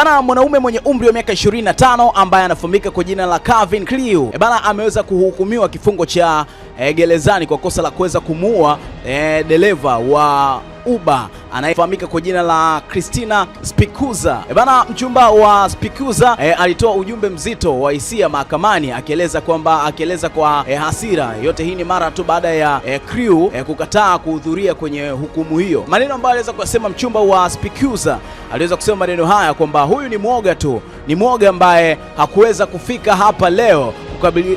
Ebana, mwanaume mwenye umri wa miaka 25 ambaye anafahamika kwa jina la Calvin Clio ebana, ameweza kuhukumiwa kifungo cha e, gerezani kwa kosa la kuweza kumuua e, dereva wa Uba anayefahamika kwa jina la Christina Spikuza. E eh, bana, mchumba wa Spikuza e, eh, alitoa ujumbe mzito wa hisia mahakamani akieleza kwamba akieleza kwa e, hasira yote. Hii ni mara tu baada ya e, crew e, kukataa kuhudhuria kwenye hukumu hiyo. Maneno ambayo aliweza kusema mchumba wa Spikuza aliweza kusema maneno haya kwamba huyu ni mwoga tu, ni mwoga ambaye hakuweza kufika hapa leo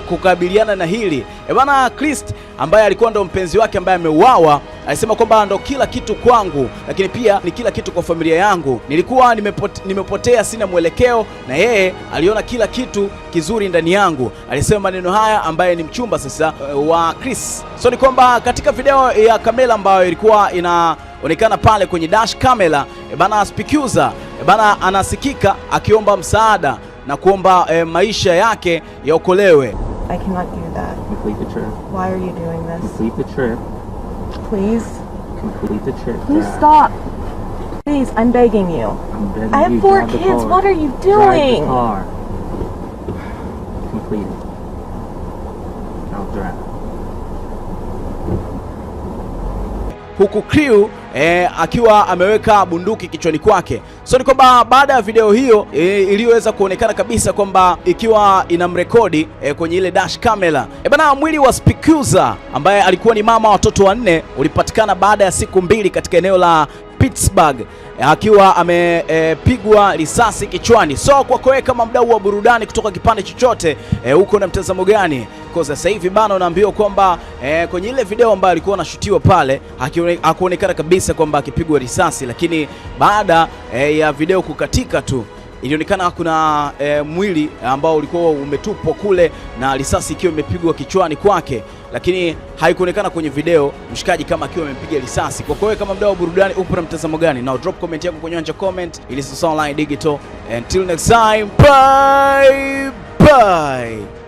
kukabiliana na hili ebana Christ ambaye alikuwa ndo mpenzi wake ambaye ameuawa alisema kwamba ndo kila kitu kwangu, lakini pia ni kila kitu kwa familia yangu. Nilikuwa nimepote, nimepotea sina mwelekeo, na yeye aliona kila kitu kizuri ndani yangu. Alisema maneno haya ambaye ni mchumba sasa eh, wa Chris. So ni kwamba katika video ya kamera ambayo ilikuwa inaonekana pale kwenye dash camera, bana Spikuza bana anasikika akiomba msaada na kuomba eh, maisha yake yaokolewe. I cannot do that. Complete the trip. Why are you doing this? Complete the trip. Please. Complete the trip. Please stop. Please, I'm begging you. I'm begging I have you, four drive the kids. car. What are you Drive doing? the car. Complete it. I'll drive. Huku Crew e, akiwa ameweka bunduki kichwani kwake. So ni kwamba baada ya video hiyo e, iliyoweza kuonekana kabisa kwamba ikiwa inamrekodi e, kwenye ile dash camera e, bana, mwili wa Spikuza ambaye alikuwa ni mama watoto wanne ulipatikana baada ya siku mbili katika eneo la Pittsburgh. Eh, akiwa amepigwa e, risasi kichwani. So kwa kwe kama mdau wa burudani kutoka kipande chochote e, eh, uko na mtazamo gani? Kwa sasa hivi bana, unaambiwa kwamba e, kwenye ile video ambayo alikuwa anashutiwa pale hakuonekana kabisa kwamba akipigwa risasi, lakini baada e, ya video kukatika tu ilionekana kuna e, mwili ambao ulikuwa umetupwa kule na risasi ikiwa imepigwa kichwani kwake, lakini haikuonekana kwenye video mshikaji kama akiwa amempiga risasi. Kwa kweli, kama mdau wa burudani, upo na mtazamo gani? Na drop comment yako kwenye anja comment ili Online Digital. Until next time, bye bye.